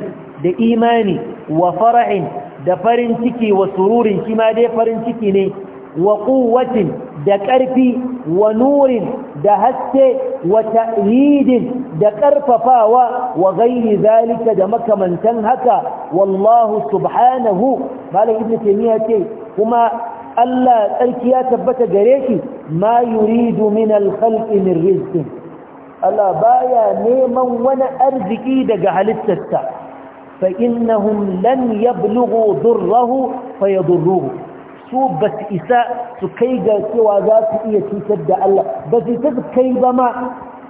da imani wa fara'in da farin ciki wa sururin shi ma dai farin ciki ne wa quwwatin da ƙarfi wa nurin da haske wa ta'yidin da ƙarfafawa wa ghairi zalika da makamantan haka wallahu subhanahu malam ibnu taymiya ce kuma Allah sarki ya tabbata gare shi ma yuridu min al-khalqi min rizqin Allah baya neman wani arziki daga halittarsa fa innahum lan yablughu durrahu fayadurruhu su ba su isa su kai ga cewa za su iya cutar da Allah ba su isa su kai ba ma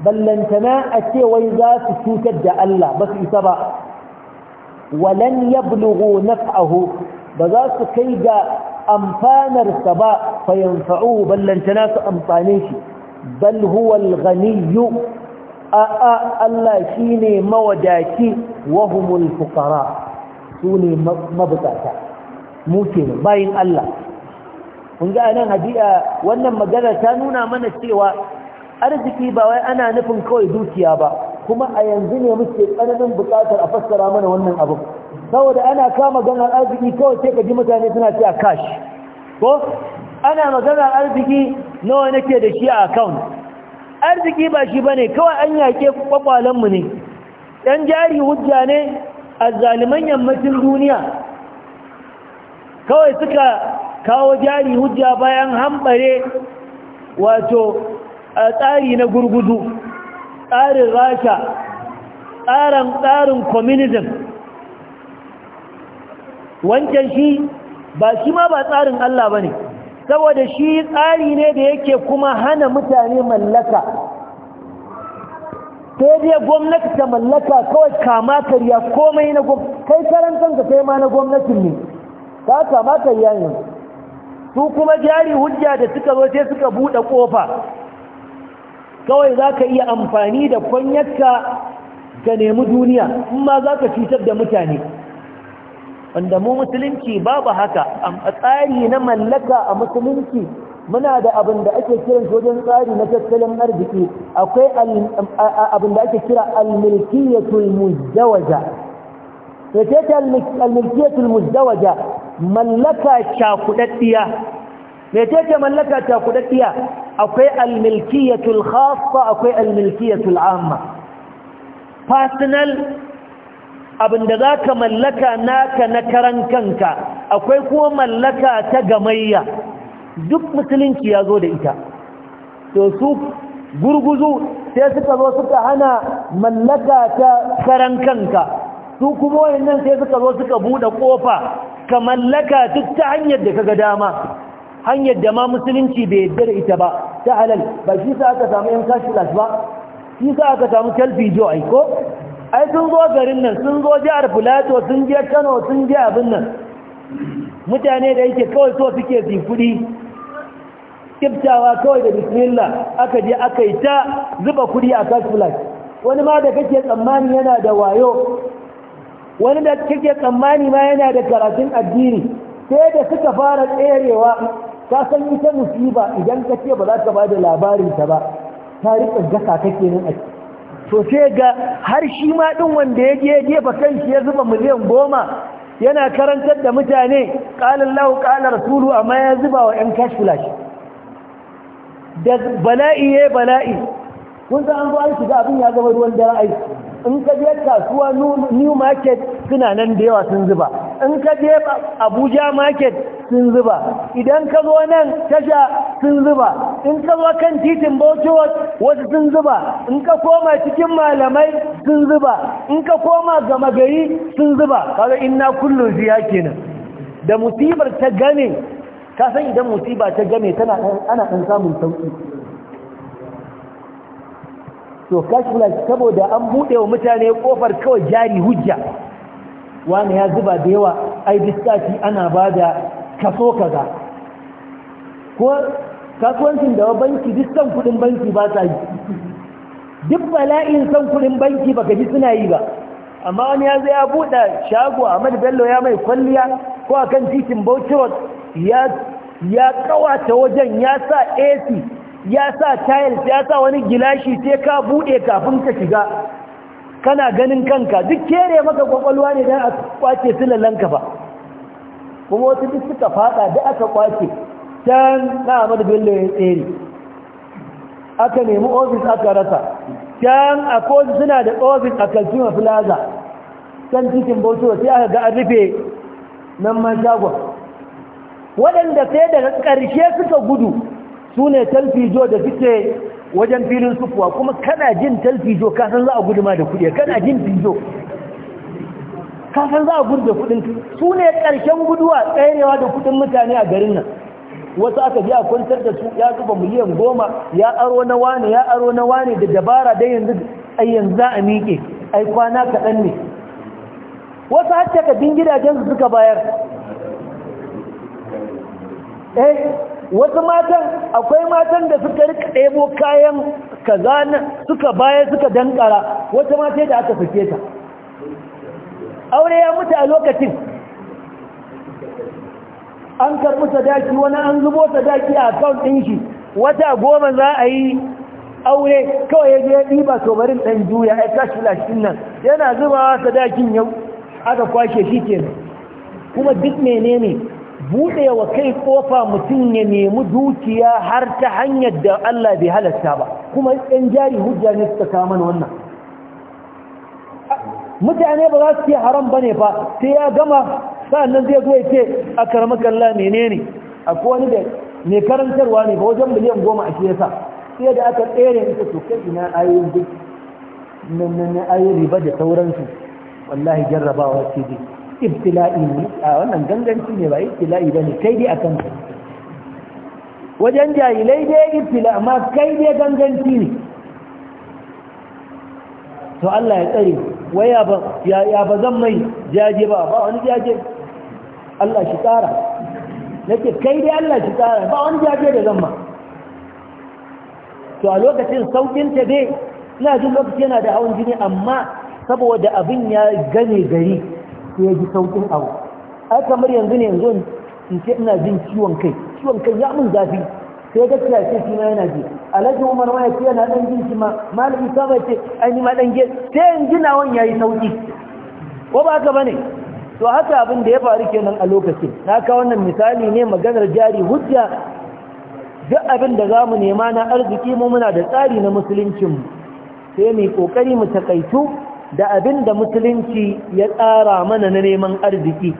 ballantana a cewai za su cutar da Allah ba su isa ba walan yablughu naf'ahu ba za su kai ga amfanarsa ba fa yanfa'uhu ballantana su amfane shi balhuwal huwa al a'a Allah shine mawadaci wahumul fukara. Su sune mabukata mu kenan bayin Allah kun ga nan hadiya wannan magana ta nuna mana cewa arziki ba wai ana nufin kawai dukiya ba kuma a yanzu ne muke tsananin buƙatar a fassara mana wannan abu saboda ana kama maganar arziki kawai sai ka ji mutane suna cewa cash ko ana maganar arziki nawa nake da shi a account arziki ba shi bane kawai an yake kwakwalan mu ne dan jari hujja ne azzaliman yammacin duniya kawai suka kawo jari hujja bayan hambare wato a tsari na gurgudu tsarin rasha tsarin tsarin communism wancan shi ba shi ma ba tsarin Allah ba ne saboda shi tsari ne da yake kuma hana mutane mallaka sai dai gwamnati ta mallaka kawai kama karya komai na gwamnati kai karantanka kai ma na gwamnatin ne ta kama karya yanzu su kuma jari hujja da suka zo sai suka buɗe ƙofa kawai zaka iya amfani da kwanyarka ka nemi duniya in ma cutar da mutane wanda mu musulunci babu haka a tsari na mallaka a musulunci muna da abin da ake kiran wajen tsari na tattalin arziki akwai abin da ake kira almilkiyatul mujawwaja da ce ta almilkiyatul mallaka cakudaddiya me ce mallaka cakudaddiya akwai almilkiyatul khassa akwai almilkiyatul amma personal abin da za ka mallaka naka na karan kanka akwai kuma mallaka ta gamayya duk musulunci ya zo da ita to su gurguzu sai suka zo suka hana mallaka ta karan kanka su kuma wayannan sai suka zo suka bude kofa ka mallaka duk ta hanyar da kaga dama hanyar da ma musulunci bai yarda da ita ba ta halal ba shi sa aka samu yan las ba shi sa aka samu kalfi jo ai ko ai sun zo garin nan sun zo jihar plateau sun je kano sun je abin nan mutane da yake kawai so suke fi kuɗi kiftawa kawai da bismillah aka je aka yi ta zuba kuɗi a cashless wani ma da kake tsammani yana da wayo wani da kike tsammani ma yana da karatun addini sai da suka fara tserewa ka san ita musiba idan ka ce ba za ka ba da labarin ta ba ta riƙa kake nan a to sai ga har shi ma din wanda ya je jefa shi ya zuba miliyan goma yana karantar da mutane ƙalin lahu ƙalar rasulu amma ya zuba wa 'yan flash da bala'i ya bala'i kun san an zo an shiga abin ya zama ruwan dara aiki in ka je kasuwa new market suna nan da yawa sun zuba in ka je abuja market sun zuba idan ka zo nan tasha sun zuba in ka zo kan titin bauchiwat wasu sun zuba in ka koma cikin malamai sun zuba in ka koma gama gari sun zuba kaga inna kullu ziya kenan da musibar ta game ka san idan musiba ta game tana ana ɗan samun sauki to cash saboda an buɗe wa mutane kofar kawai jari hujja wani ya zuba da yawa ai diskati ana ba da kaso kaza ko kasuwancin da banki duk san kudin banki ba sa yi duk bala'in san kudin banki baka ji suna yi ba amma wani ya zai ya buɗe shago Ahmad Bello ya mai kwalliya ko akan titin Bauchi ya ya kawata wajen ya sa AC ya sa tiles ya sa wani gilashi sai ka bude kafin ka shiga kana ganin kanka duk kere maka kwakwalwa ne dan a kwace silalanka ba kuma wasu duk suka fada da aka kwace can na amadu Bello ya tsere aka nemi office aka rasa can a kotu suna da office a Kaltuma Plaza can cikin Bauchi sai aka ga an rufe nan man shagon waɗanda sai daga ƙarshe suka gudu su ne talfijo da suke wajen filin sufuwa kuma kana jin talfijo kasan za a guduma da kudi kana jin fijo kasan za a gudu da kudin su ne karshen guduwa tsayawa da kudin mutane a garin nan wasu aka ji kwantar da su ya zuba miliyan goma ya aro na wane ya aro na wane da dabara dai yanzu ai yanzu za a miƙe ai kwana kaɗan ne wasu hatta ka bin su suka bayar eh wasu matan akwai matan da suka rika ɗebo kayan kaza suka baya suka dankara wata mata da aka fice ta aure ya mutu a lokacin an karɓi sadaki wani an zubo sadaki a account ɗin shi wata goma za a yi aure kawai ya je ɗiba tobarin ɗan juya ya kashi lashin nan yana zubawa sadakin yau aka kwashe shi kenan kuma duk menene buɗe wa kai ƙofa mutum ya nemi dukiya har ta hanyar da Allah bai halarta ba kuma ɗan jari hujja ne suka kama wannan mutane ba za su ce haram ba ne fa sai ya gama sa'annan zai zo ya ce a kalla menene a kowane da mai karantarwa ne ba wajen miliyan goma a shi yasa sai da aka tsere ita to kai ina ayoyin duk na da sauransu wallahi jarrabawa ce dai ibtila'i ne a wannan ganganci ne ba ibtila'i ba ne kai dai a kan kanka wajen jahilai dai ibtila amma kai dai ganganci ne to Allah ya tsare ya ba zan mai jaje ba ba wani jaje Allah shi tsara na ce kai dai Allah shi tsara ba wani jaje da zan ma to a lokacin saukin ta dai na jin lokaci yana da hawan jini amma saboda abin ya gane gari sai ya ji sauƙin abu ai kamar yanzu ne yanzu in ce ina jin ciwon kai ciwon kai ya mun zafi sai ya gaskiya ce shi ma yana ji alhaji umar ma ya ce yana dan jin shi ma malami sa ma ce ai ma dan ge sai in ji ya yi sauƙi ko ba haka ne? to haka abin da ya faru kenan a lokacin na ka wannan misali ne maganar jari hujja duk abin da za mu nema na arziki mu muna da tsari na musuluncinmu. sai mu ƙoƙari mu takaitu da abin da musulunci ya tsara mana na neman arziki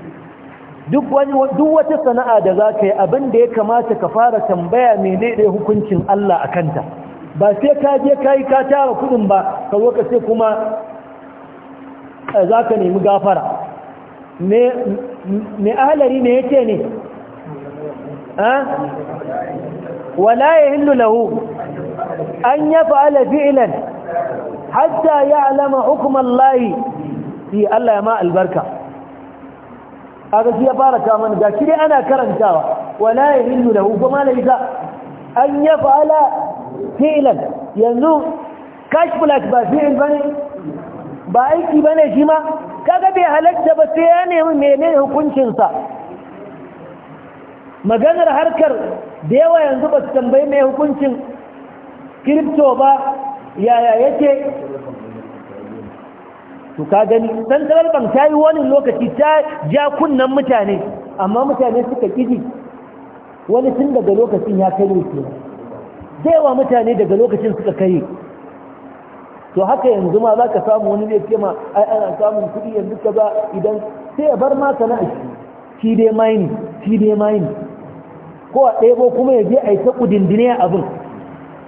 duk wata sana'a da za ka yi abin da ya kamata ka fara tambaya menene hukuncin Allah a kanta ba sai ka je ka yi ka tara kudin ba ka ka sai kuma eh, za ka nemi gafara me ahalari ne yake ne ah? wala ya hindu lahu an ya fa'ala fi'ilan hatta ya alama hukumar layi fi Allah ya ma albarka a ga shi ya fara kaman ga shi dai ana karantawa wala ya hindu da hukuma na ita an ya fa'ala fi'ilan yanzu cash flat ba fi'il bane ba aiki ba ne shi ma kaga bai halatta ba sai ya nemi menene hukuncinsa maganar harkar da yawa yanzu ba su tambayi mai hukuncin kiripto ba yaya yake to ka gani dan bank ta yi wani lokaci ta ja kunnan mutane amma mutane suka kiji wani tun daga lokacin ya kai ke zaiwa mutane daga lokacin suka kai to haka yanzu ma za ka samu wani zai ce ai ana samun kuɗi yanzu ka ba idan sai ya bar ma sana'a shi shi dai mining shi dai mining ko a ɗebo kuma ya je a yi ta ƙudindine abin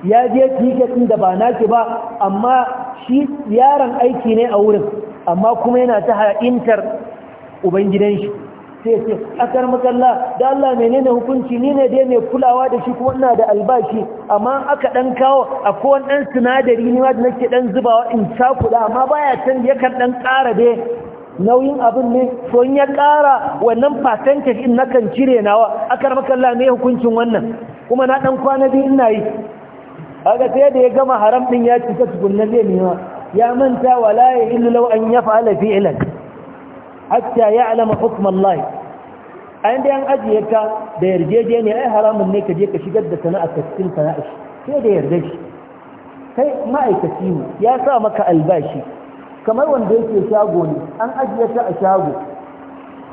ya je tiketin da ba naki ba amma shi yaron aiki ne a wurin amma kuma yana ta ha'intar ubangidan shi sai sai akar makalla da Allah menene hukunci ni ne dai mai kulawa da shi kuma ina da albashi amma aka dan kawo akwai wani dan sinadari ne ma da nake dan zubawa in kula amma baya can yakan dan ƙara dai nauyin abin ne so in ya ƙara wannan percentage in nakan cire nawa akar makalla me hukuncin wannan kuma na dan kwana biyu ina yi kaga sai da ya gama haram din ya cika tukunna zai nema ya manta wala ya illu law an yaf'ala fi'lan hatta ya'lama hukm Allah an dai an ajiye ka da yarjejeniya ai haramun ne ka je ka shigar da sana'a ka cikin sana'a sai da yarda shi kai ma'aikaci ne ya sa maka albashi kamar wanda yake shago ne an ajiye ka a shago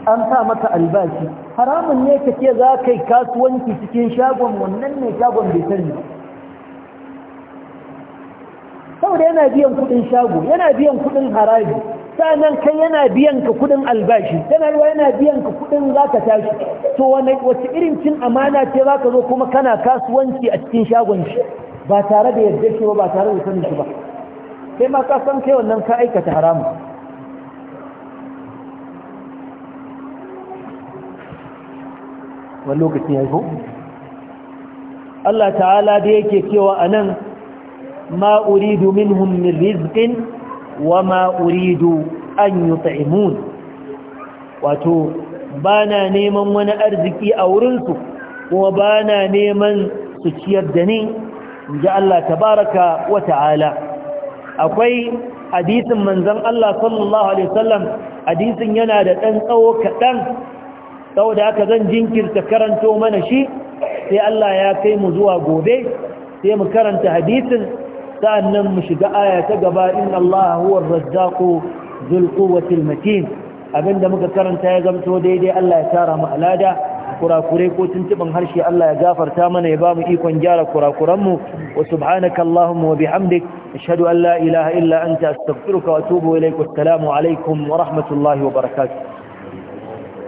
an sa maka albashi haramun ne ka ce za kai yi kasuwanci cikin shagon wannan ne shagon bai sani saboda yana biyan kudin shago yana biyan kudin haraji sannan kai yana biyan ka kudin albashi tana ruwa yana biyan ka kudin za ka tashi to wace irin cin amana ce za ka zo kuma kana kasuwanci a cikin shagon shi ba tare da yadda shi ba ba tare da sanin shi ba sai ma ka san kai wannan ka aikata haramu wani lokaci ya ko Allah ta'ala da yake cewa a nan ma uridu minhum min rizqin wa ma uridu an yut'imun wato bana neman wani arziki a wurinsu kuma bana neman su ciyar da ni inji Allah tabaraka wa akwai hadisin manzon Allah sallallahu alaihi hadisin yana da ɗan tsawo kaɗan kadan da aka zan jinkirta karanto mana shi sai Allah ya kai mu zuwa gobe sai mu karanta hadisin nan mu shiga aya ta gaba inna Allah huwa ar-razzaqu dhul quwwati al-matin abinda muka karanta ya gamto daidai Allah ya tara mu alada kurakure ko tuntuban harshe Allah ya gafarta mana ya bamu ikon gyara kurakuran mu wa subhanaka allahumma wa bihamdik ashhadu an la ilaha illa anta astaghfiruka wa atubu ilaik assalamu alaikum wa rahmatullahi wa barakatuh